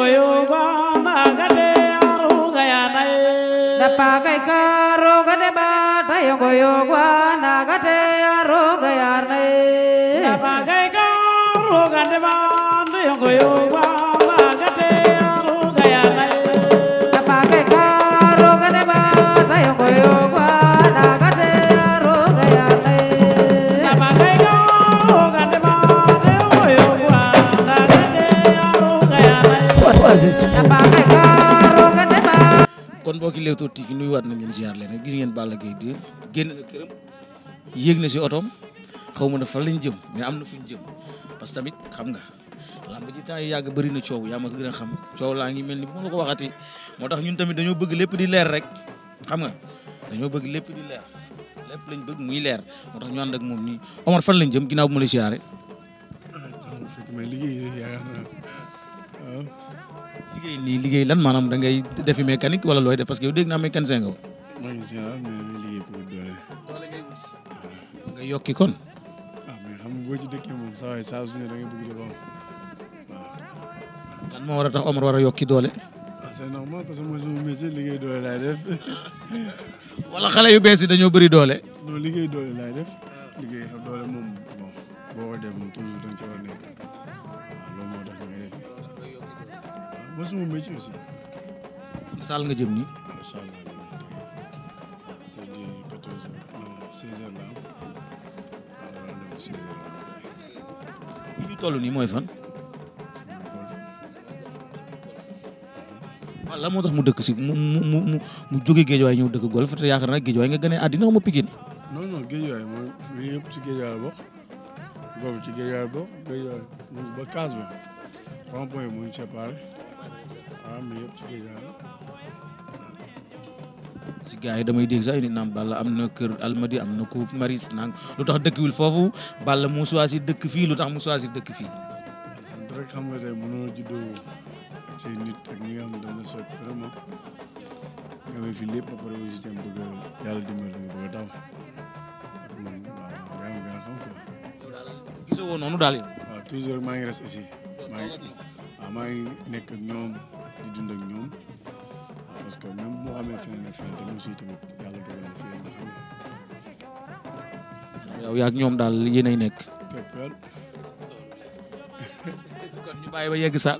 yogo yogo mbokki Leewtoo TV nuyuwaat nañ leen ziar leen rek gis ngeen Balla Gaye 2 génn na këram yéeg na si otoom xaw ma ne fan lañ jëm mais am na fu ñu jëm parce que tamit xam nga lamb ji temps yi yàgg bëri na coow yaa ma gën a xam coow laa ngi mel ni bu ma la ko waxati moo tax ñun tamit dañoo bëgg lépp di leer rek xam nga dañoo bëgg lépp di leer lépp lañ bëgg muy leer moo tax ñu ànd ak moom nii Omar fan lañ jëm ginnaaw bu ma la ziaree. Ah, liggéey nii liggéey lan maanaam da ngay defi mécanique wala looy def parce que yow dégg naa mécanicien nga. mécanicien waaw mais li liggéey pour doole. nga yokki kon. ah mais xam nga boo ci dëkkee moom saa waay saa su ne da ngay ba waaw. lan moo war a tax Omar war a yokki doole. Ah, parce que mooy sama métier liggéey doole laay wala xale yu bees yi dañoo bari doole. non liggéey doole laay def. liggéey doole moom bon boo def moom toujours da nga war a nekk waaw ah, loolu moo mooy suma métier aussi. saal nga jëm nii. saal nga jëm nii tey jii euh, la nii mooy fan. waaw moo tax mu dëkk si mu mu mu mu mu jóge géejawaay ñëw dëkk golf te yaakaar naa géejawaay nga gënee àddina ma Pikine. non non géejawaay mooy lii yëpp ci géejawaay bokk golf ci géejawaay bokk géejawaay ba Kaas ba rond mu ñu waaw mu yëpp ci si gars yi damay dégg sax ni naan Balla am na kër Almadi am na ko Maris naan lu tax dëkkwul foofu Balla mu choisir dëkk fii lu tax mu dëkk fii. sant rek xam nga tey mënoo juddoo ak say nit xam ne lépp ba pare daal gisoo noonu daal yow. waaw toujours res nekk ñoom. dund ak ñoom parce que même moo amee feneen ak feneen tamit aussi tamit yàlla dogal na fii nga ak ñoom daal yéenay nekk. képpel. kon ñu bàyyi waa gis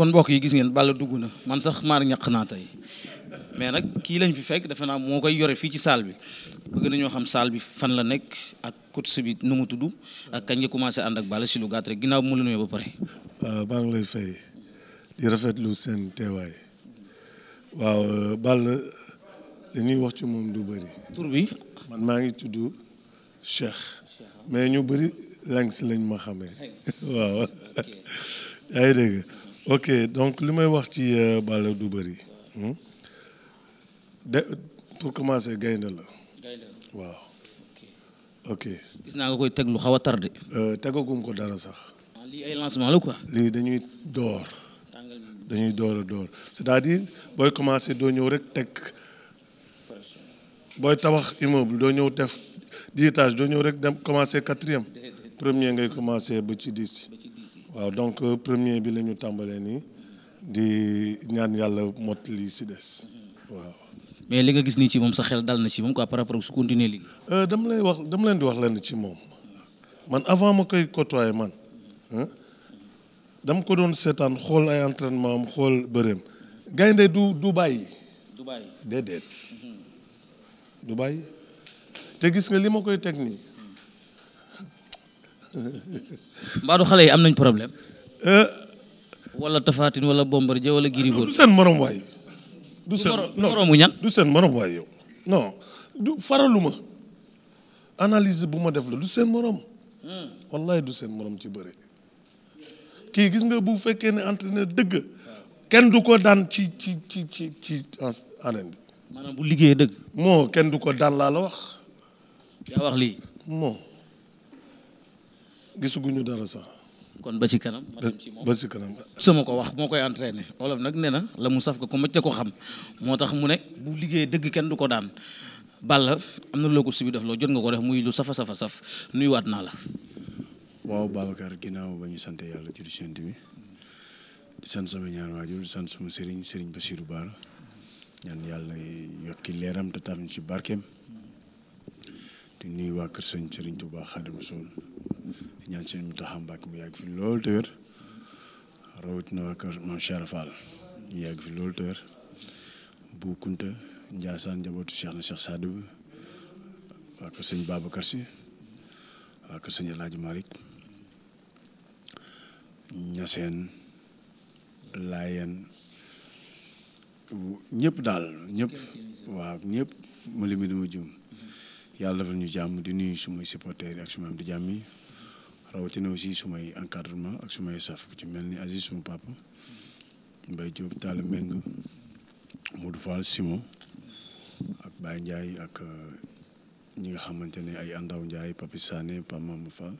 kon mbokk yi gis ngeen Balla dugg na man sax maar ñaq naa tey mais nag kii lañ fi fekk defe naa moo koy yore fii ci salle bi bëgg nañoo xam salle bi fan la nekk ak coach bi nu mu tudd ak kañ nga commencé ànd ak Balla si lu gàtt rek ginnaaw mu la nuyoo ba pare. maa ngi lay fay di rafetlu seen teewaay waaw ñuy wax ci moom du bëri. tur bi man maa ngi tudd Cheikh. mais ñu bari langue si lañ ma xamee. waaw yaa dégg. ok donc li may wax ci euh, Balla du bëri hmm? de pour commencer gaynde la waaw ok gis naa nga koy teg lu xaw a tardé euh, tegagum ko dara sax ah, lii ay la quoi lii dañuy door dañuy door a door c'est-à-dire booy commencer doo ñëw rek teg booy tabax immeuble doo ñëw def dix étages doo ñëw rek dem commencer quatrième premier ngay commencer ba ci dix waaw donc euh, premier bi la ñu tàmbalee nii di ñaan yàlla mot lii si des waaw. mais li nga gis nii ci moom sa xel dal na ci moom quoi par rapport su continuer liggéey. Euh, dama lay wax dam leen di wax lenn ci moom man avant ma koy côtoyer man dam ko doon seetaan xool ay entraînement am xool bëreem gaynde du du bàyyi. du bàyyi déedéet. du te gis nga li ma koy teg nii. mbaadu xale yi am nañ problème. Euh, walla Tafatine wala Bombardier wala Gris Bordeaux. du seen moroom waay. du seen moromu ñan du seen morom yow. non du faraluma analyse bu ma def la du seen morom. Hmm. wallaay du seen moroom ci bari kii gis nga bu fekkee ne entraîneur dëgg. kenn du ko daan ci ci ci ci ci arène bi. maanaam bu liggéeyee dëgg. moo kenn du ko daan laa la wax. yaa wax lii moo. ñu dara sax. kon ba ci kanam. ba ci sama ko wax moo koy entraîné olof nag nee na la mu saf ko ko mëcce ko xam moo tax mu ne bu liggéeyee dëgg kenn du ko daan Balla am na loo ko subi def loo jot nga ko def muy lu safa safa saf nuyuwaat naa la. waaw Babacar ginnaaw ba ñu sant yàlla jërëjëf sant bi di sant sama ñaar waajur di sant suma Serigne Serigne Bassirou Bara ñaan yàlla yokki leeram te tax ñu ci barkeem. te nuyu waa kër sëñ Sëriñ Tuubaa Xaadimu Rasuul di ñaan sëñ Muntaxa Mbàkke mu yàgg fi loolu te wér rawatina waa kër Maam Cheikh Fall ñu yàgg fi loolu te wér Njaasaan njabootu Cheikh na Cheikh Saadu waa kër sëñ Babacar Si waa kër sëñ El Hadj ñaseen laayeen ñëpp daal ñëpp waaw ñëpp ma limi dama juum yàlla defal ñu jàmm di nuyu sumay supporters yi ak sumay am di jàmm yi rawatina aussi sumay encadrement ak sumay saf ku ci mel ni Aziz suma papa Mbaye Diop Talla Mbengue Modou Fall Simon ak Baye Ndiaye ak euh, ñi nga xamante ne ay Andaw Ndiaye Papi Sané Pape Mamadou Fall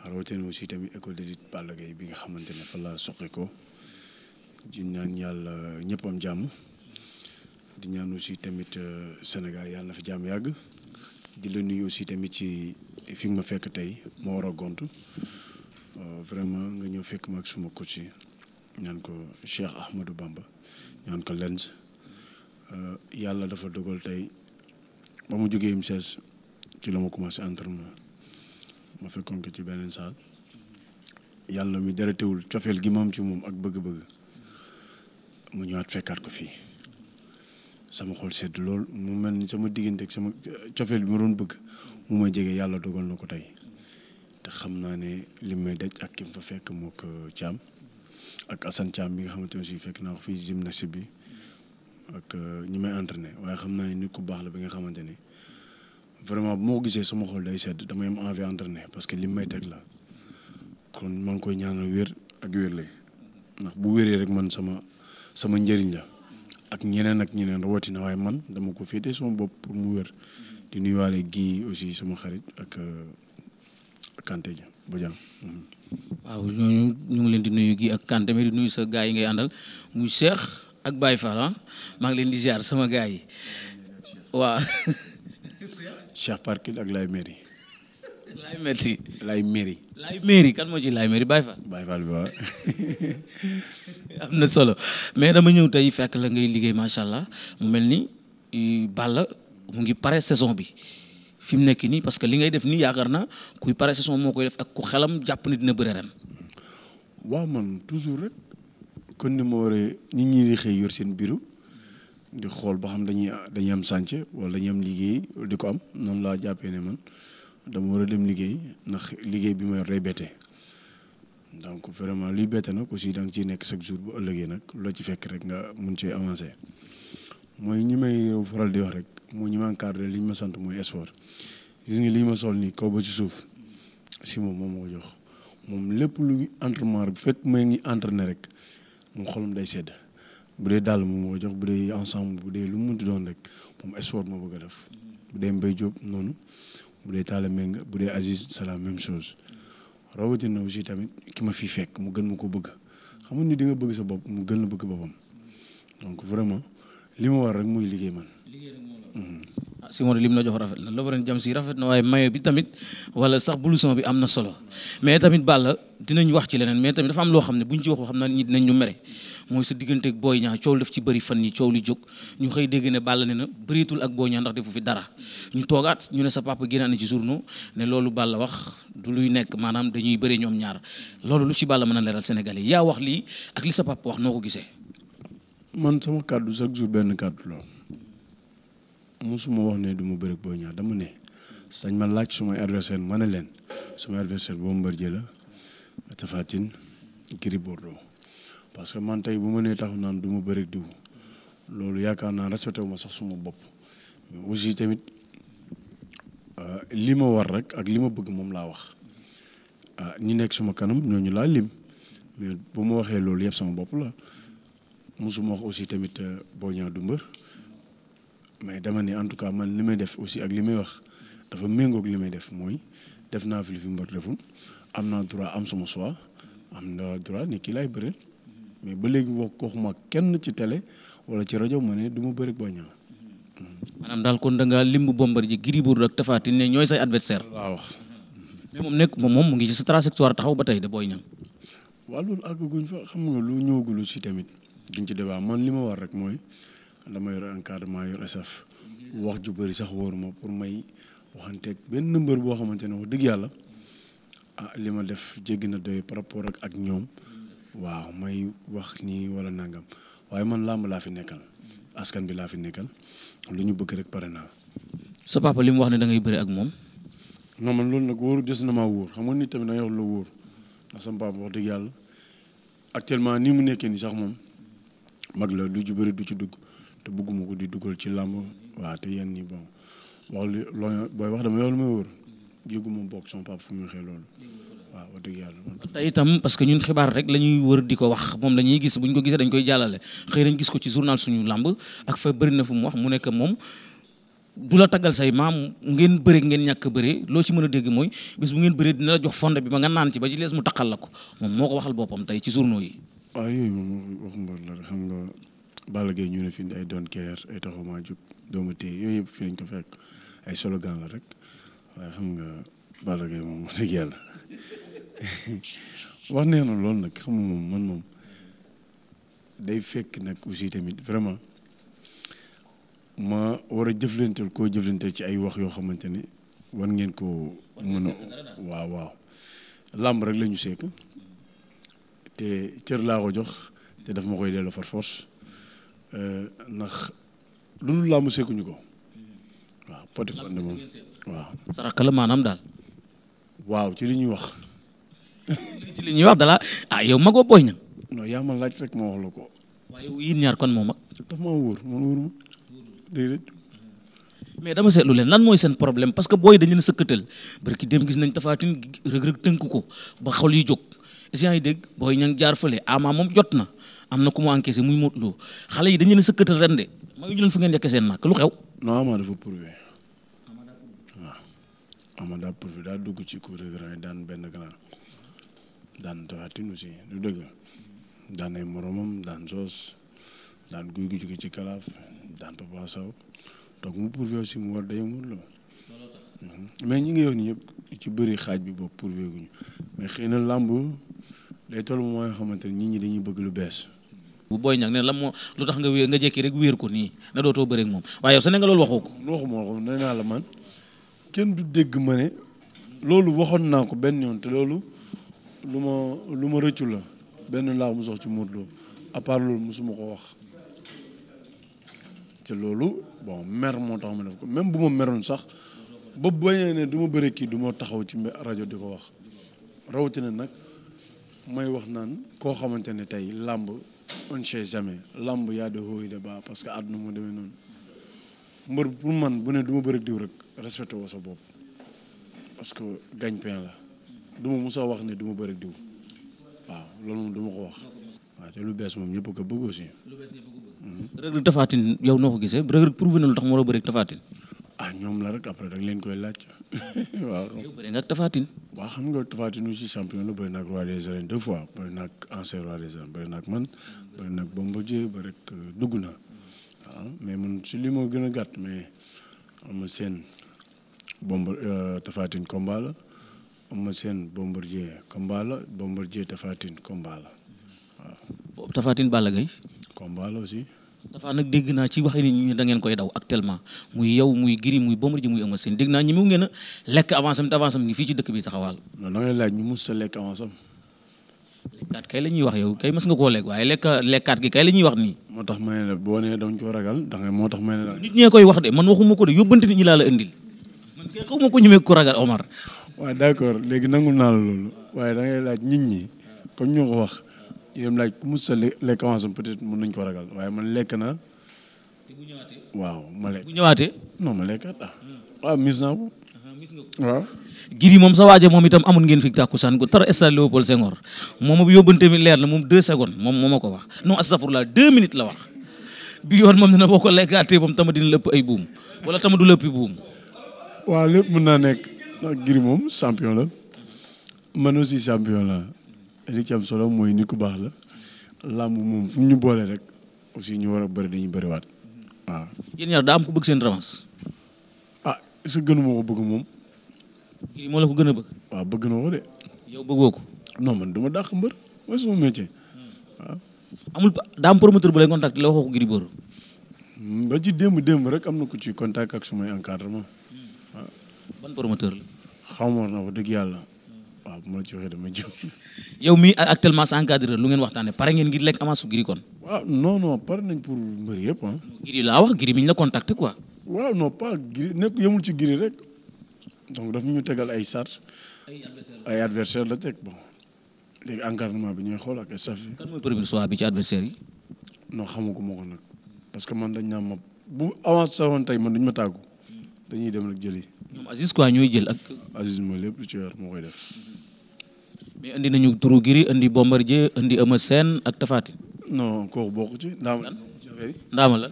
rawatina aussi tamit école de lutte Balla Gaye bi nga xamante ne fa laa soqe ko di ñaan yàlla ñëpp jàmm di ñaan aussi tamit euh, Sénégal yàlla na fi jàmm yàgg. di la nuyu aussi tamit ci fi ma fekk tey ma war a gontu euh, vraiment nga ñëw fekk ma ak suma coach yi ñaan ko Cheikh Ahmadou Bamba ñaan ko Lens euh, yàlla dafa dogal tey ba mu jógee IMSS ci la ma commencé entraînement ma fekkoon ko ci beneen saal yàlla mi dara teewul cofeel gi ma am ci moom ak bëgg-bëgg mu ñëwaat fekkaat ko fii sama xol sedd lool mu mel ni sama diggante ak sama cofeel bi ma doon bëgg mu ma jege yàlla dogal na ko tey te xam naa ne li may daj ak ki fa fekk moo ko Thiam ak Assane Thiam bi nga xamante ne aussi fekk naa ko fii gymnastique bi ak euh, ñu may entraîné waaye xam naa ne nit ku baax la bi nga xamante ni vraiment bu moo gisee sama xol day sedd damay am envie entraîné parce que li may teg la kon maa ngi koy ñaanal wér ak wér lay ndax bu wéree rek man sama sama njëriñ la. ak ñeneen ak ñeneen na waaye man dama ko féete sama bopp pour mu wér di nuyuwaale gi aussi sama xarit ak kante ja Badiane waaw ñooñu ñu ngi leen di nuyu gi ak Kanté mais di nuyu sa gars yi ngay àndal muy Cheikh ak baay Fall ah. maa ngi leen di ziar sama gars yi waaw. Cheikh Parkil ak Laye Mairie. laay merci laay mairie laay mairie kan moo ci lay mairie Baye Fall Baye Fall bi waaw am na solo mais dama ñëw tey fekk la ngay liggéey macha allah mu mel ni Balla mu ngi pare saison bi fi mu nekk nii parce que li ngay def nii yaakaar na kuy pare saison moo koy def ak ku xelam jàpp ni dina bëre ren waaw man toujours rek kon ni ma waree nit ñi di xëy yor seen bureau di xool ba xam dañuy dañuy am sànce wala dañuy am liggéey di ko am noonu laa jàppee ne man dama war a dem liggéey ndax liggéey bi ma yor day bette donc vraiment luy bette nag aussi da nga ciy nekk chaque jour bu ëllëgee nag loo ci fekk rek nga mun cee avancer mooy ñi may faral di wax rek mooy ñi ma li ñu ma sant mooy sport gis nga li ma sol nii kaw ba ci suuf si moom moom moo jox moom lépp lu entraînement bu fekk may ngi entraîné rek moom xolam day sedd bu dee dàll moom moo jox bu dee ensemble bu dee lu mu ti doon rek moom sport moo bëgg a def bu dee mbay noonu. bu dee Talla Mbengue bu dee Aziz c'est la même chose rawatina aussi tamit ki ma fi fekk mu gën ma ko bëgg xamul ni di nga bëgg sa bopp mu gën la bëgg boppam donc vraiment li ma war rek muy liggéey man. ah si li mu la jox rafet na la bëri jam si rafet na waaye mayo bi tamit wala sax blouson bi am na solo mais tamit Balla dinañ wax ci leneen mais tamit dafa am loo xam ne buñ ci wax xam naa nit dinañ ñu mere. mooy sa diggante ak Boy Niang coow daf ci bari fan yi coow li jóg ñu xëy dégg ne Balla ne na bëreetul ak Boy Niang ndax defu fi dara ñu toogaat ñu ne sa papa génnaat ci journaux ne loolu Balla wax du luy nekk maanaam dañuy bëri ñoom ñaar loolu lu ci Balla mën a leeral Sénégalais yaa wax lii ak li sa papa wax noo ko gisee. man sama kàddu chaque jour benn kàddu la musuma wax ne du ma bëri ak Boy Niang dama ne sañ ma laaj sumay adversaire ma ne leen sumay adversaire Bombardier la Tapha Tine Gris Bordeaux parce que man tey bu ma nee taxaw naan du ma bëri diw loolu yaakaar naa respecté wu ma sax suma bopp aussi tamit euh, li ma war rek ak li ma bëgg moom laa wax ah ñi nekk suma kanam ñooñu laa lim mais bu ma waxee loolu yëpp sama bopp la mosuma wax aussi tamit boo ñaa du mbër mais dama ne en tout cas man li may def aussi ak li may wax dafa méngoog li may def mooy def naa fi li fi mbër deful am naa droit am suma choix am droit ni kii laay bëre mais ba léegi wax ko xuma kenn ci tele wala ci rajo ma ne du ma bëri Boy Niang. maanaam daal kon da ngaa limb Bombardier Gris Bordeaux ak Tapha Tine ne ñooy say adversaire waaw mais moom nekk moom mu ngi ci sa trajectoire taxaw ba tey da booy Niang. waaw loolu àgguñ fa xam nga lu ñëwagul ci tamit duñ ci débat man li ma war rek mooy dama yor encadrement yor SF wax ju bëri sax wóoruma pour may waxanteeg benn mbër boo xamante ne wax dëgg yàlla ah li ma def jéggi na doy par rapport ak ak ñoom. waaw may wax nii walla nangam waaye man làmb laa fi nekkal askan bi laa fi nekkal lu ñu bëgg rek pare naa. sa papa li mu wax ne da ngay bëri ak moom. non man loolu nag wóoru des na maa wóor xam nga nit tamit da ngay la wóor ndax sama papa wax dëgg yàlla actuellement nii mu nekkee nii sax moom mag la du ci bëri du ci dugg te bëgguma ko di dugal ci làmb waaw te yenn ñi booy wax dama yow lu may wóor yëgu ma bokk sama papa fu muy xee loolu. waaw wax dëgg tey itam parce que ñun xibaar rek la ñuy wër di ko wax moom la ñuy gis bu ñu ko gisee dañ koy jàllale xëy nañ gis ko ci journal suñu làmb ak fa bëri na fu mu wax mu nekk moom du la taggal say maam ngeen bëre ngeen ñàkk bëri loo ci mën a dégg mooy bis bu ngeen bëree dina la jox fond bi ma nga naan ci ba ci lees mu taqal la ko moom moo ko waxal boppam tey ci journaux yi. waaw yooyu moom wax mbër la xam nga Balla Gaye ñu ne fi ay doon keer ay taxaw maa yooyu yëpp fi lañ ko fekk ay slogan la rek waaye xam nga Balla Gaye moom wax dëgg yàlla wax nee na lool nag xam moom man moom day fekk nag yi tamit vraiment ma war a jëflanteel koo jëflanteel ci ay wax yoo xamante ne war ngeen koo mën waaw waaw làmb rek la ñu seek te cër laa ko jox te daf ma koy delloo far force eh, ndax lu dul làmb seekuñu ko waaw poti ko andi moom waaw. daal. waaw ci li ñuy wax. ci li ñuy wax dala ah yow magoo booy ña. non yaa ma laaj rek ma wax la ko. waaye yéen ñaar kon moo mag. dafa maa wóor man wóor ma déedéet. mais dama seetlu leen lan mooy seen problème parce que booy dañu leen sëkkatal barki dem gis nañ tafaatin rëg-rëg tënk ko ba xol yi jóg gens yi dégg booy ña jaar jaar fële ama moom jot na am na ku mu encaissé muy motuloo xale yi dañu leen sëkkatal ren de ma ñu leen fu ngeen yekke seen nak lu xew. non ama dafa prouvé. Amada Pourfé daa dugg ci kuréel grand yi daan benn grand daan tawatin aussi du dëgg daan ay moromam daan soos daan guy gi ci kalaaf daan Papa Sow donc mu Pourfé aussi mu war day murlo mais ñi ngi yoon ñëpp ci bëri xaaj bi boobu Pourfé mais xëy na làmb day toll mooy nga xamante ne nit ñi dañuy bëgg lu bees. bu booy ñag ne la moo lu tax nga wéer nga jékki rek wéer ko nii na dootoo bëri ak moom waaye yow sa nga loolu waxoo ko. waxuma ko nee naa la kenn du dégg ma ne loolu waxoon naa ko benn yoon te loolu lu ma lu ma rëccu la benn laa mu sox ci Modou Lo à part loolu mosuma ko wax te loolu bon mer moo tax ma def ko même bu ma meroon sax ba bañee ne du ma bëre kii du ma taxaw ci rajo di ko wax rawatina nag may wax naan koo xamante ne tey làmb on sait jamais làmb yaa de hooy de ba parce que àdduna moo demee noonu mbër bu man bu ne du ma bëri diw rek respecté woo sa bopp parce que gagne-pain la du ma mosoo wax ne duma bëri diw waaw loolu moom du ma ko wax waaw te lu bees moom ñëpp ko bëgg aussi. lu bees ñëpp ko yow noo ko gisee Reug Reug prouvé na lu tax mu war a bëri Tapha Tine. ah ñoom la rek après da leen koy laaj waaw. yow bëri nga ak xam nga Tapha Tine aussi champion la bëri na ak roi des arènes deux fois bëri na ak ancien roi des arènes ak man bëri na ak Bombardier bëri na euh, dugg na. Ah, mais mun si lii moo gën a gàtt mais Eumeu Sène bombar euh, Tapha Tine combat la Eumeu Sène Bombardier combat la Bombardier Tapha Tine combat la waaw. Tapha Tine Balla Gaye. combat la aussi. dafa nag dégg naa ci waxi ni ñu da ngeen koy daw actuellement muy yow muy Gris muy Bombardier muy Eumeu Sène dégg naa ñi mu ngeen lekk avance am te ngi fii ci dëkk bi taxawaal. non da laaj ñu mus sa lekk avance lekkaat kay la wax yow kay mës nga koo lekk waaye lekk lekkaat ki kay la ñuy wax nii. moo tax may ne boo nee danga coo ragal da moo tax may ne. nit ñee koy wax de man waxuma ko de yóbbante nit ñi laa la indil man kay xaw ma ko ñemee ko ragal Omar. waaw d'accord léegi nangul naa la loolu waaye da ngay laaj nit ñi comme ñu ko wax yéen laaj ku mus sa lekk avance peut-être mën nañ koo ragal waaye man lekk na waaw ma lekk bu ñëwaatee. ma lekkaat ah waaw ah, mis naa ko. waaw giri moom sa waaje moom itam amul ngeen fi tàkkusaan gu tara stade Léopold Senghor moom yóbbante mi leer na moom deux secondes moom moo ma ko wax non astafurlah deux minutes la wax bi yoon moom dina boo ko lekkaatee moom tama dina ay buum wala tama du lëppi buum waaw lépp naa nekk ndax giri moom champion la man aussi champion la li ci solo mooy ni ku baax la làmb moom fu ñu boole rek aussi ñu war a bëri dañuy bëriwaat waaw yéen ñaar daa am ko bëgg seen revanche est-ce que bëgg moom. kii moo la ko gën a bëgg. waaw bëgg na ko de. yow bëggoo ko. non man du ma dàq mbër mooy sama métier waaw. amul daa promoteur bu lay contact la waxoo ko Gris Bordeaux. Hmm, ba ci démb démb rek am na ku ci contact ak sumay encadrement. waaw hmm. ban promoteur la. xamoon na ko dëgg yàlla. waaw bu ma la ci waxee dama jóg. yow mii actuellement sa encadreur lu ngeen waxtaanee pare ngeen ngir lekk avance su Gris kon. waaw non nañ pour mbër yëpp ah. Gris wax Gris mi ñu la contacté waaw non pas Gris nekk yemul ci Gris rek donc daf ñu tegal ay sart ay adversaire la teg bon léegi encadrement bi ñooy xoolaat ak staff bi. kan mooy premier choix bi ci adversaire yi. non ko nag parce que man dañ naa ma bu avance sawoon tey man duñ ma tàggu dañuy dem rek jëli. ñoom Aziz quoi ñooy jël ak. Aziz mooy lépp lu ci war moo koy def. mais indi nañu turu Gris indi Bombardier indi Eumeu Sène ak Tapha Tine. non kooku bokk ci ndaama. ndaama la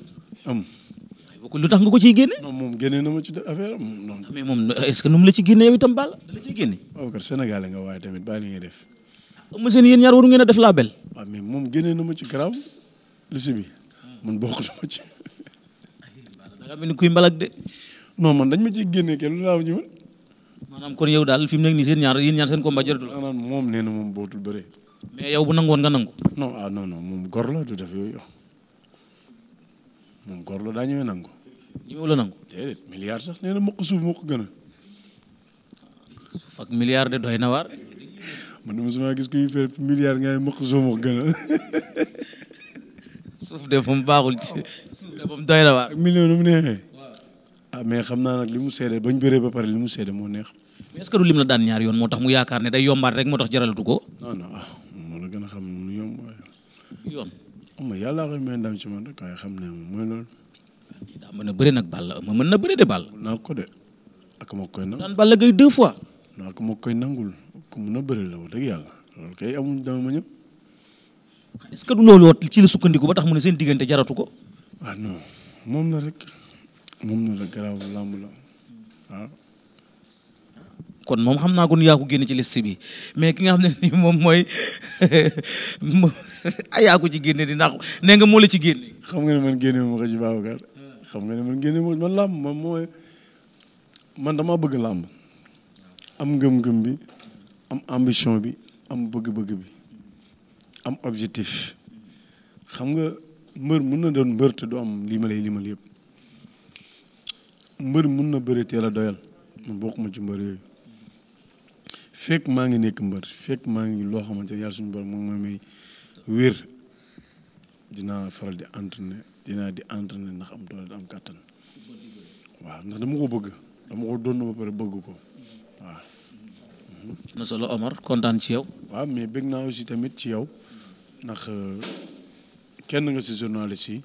lu tax nga ko ciy génne. non moom génne na ma ci affaire ah, moom est-ce que nu mu la ci génne yow itam Balla la ciy génne. waaw kat Sénégalais nga waaye tamit bàyyi li ngay def. ma seen yéen ñaar waru ngeen a def label. waaw ah, mais moom génne na ma ci garaaw li si bi man bokkul ma ci. da ngaa mel ni kuy mbalak de. non man ma ciy génne kenn lu laaw ñu man. maanaam kon yow daal fi mu nekk nii seen ñaar yéen ñaar seen combat jaratul. maanaam moom nee na moom bootul bëre. mais yow bu nangoon nga nangu. non ah non no moom gor la du def yooyu. moom góor daa ñëwee nangu. la nangu. déedéet sax nee na mokk suuf na waar. man de gis kuy fer milliard ngay mokk suuf moo ko baaxul ci suuf de moom doy na waar. ak mu neexee. Ah, xam naa li mu seede bañ bëree ba pare li mu seede moo neex. mais est-ce que la daan ñaar yoon moo tax mu yaakaar ne day yombaat rek moo tax jaralatu ko. non non ah moo la gën a xam nu mu yoon. ma yàlla xam ne ndam ci man rek waaye xam ne moom mooy loolu. daa mën a bëri nag Balla ma man na bëri de Balla. naa ko de ak ma koy nangul daan Balla Gaye deux fois. naa ko ma koy nangul ku mun a bëri la wax dëgg yàlla loolu kay amul dama ma ñëw. est-ce que du loolu ci la sukkandiku ba tax mu ne seen diggante jaratu ko. waaw ah non moom la rek moom la rek garaaw làmb la ah. kon moom xam naa kon yaa ko génne ci liste bi mais ki nga xam ne ni moom mooy a ah, yaa ko ci génne di ndax nee nga moo la ci génne. xam nga ne man génne ma ko ci nga ne man génne ma man làmb man mooy man dama bëgg làmb am ngëm gëm bi am ambition bi am bëgg-bëgg bi am objectif xam nga mbër mun na doon mbër te du am lii ma limal yëpp mbër mun na bëre teel a doyal man bokkuma ci mbër yooyu fekk maa ngi nekk mbër fekk maa ngi loo xamante ne yàlla suñu borom moom mooy may wér dinaa faral di entraîner dinaa di entraîner ndax am doole am kàttan waaw ndax dama ko bëgg dama ko doon ba pare bëgg ko waaw. solo Omar kontaan ci yow. mais bëgg naa aussi tamit ci yow ndax euh, kenn nga si journaliste yi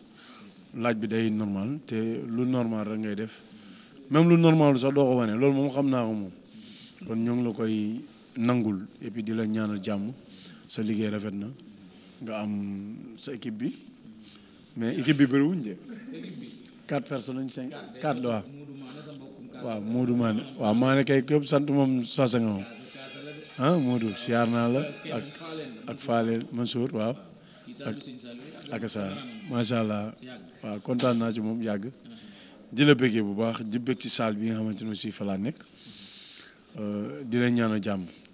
laaj bi day normal te lu normal rek ngay def même lu normal sax doo ko wane loolu moom xam naa ko moom. kon ñoo ngi la koy nangul et puis di la ñaanal jàmm sa liggéey rafet na nga am sa équipe bi mais équipe bi bëriwuñ de quatre personnes lañ cinq quatre waaw waaw Moodu Maane waa maa ne kay képp sant moom sasa nga moom ah Moodu siyaar naa la ak ak Faale Mansour waaw ak ak sa macha allah waaw kontaan naa ci moom yàgg di la bëggee bu baax di bëgg ci saal bi nga xamante ne aussi fa laa nekk Euh, di leen ñaanal jàmm.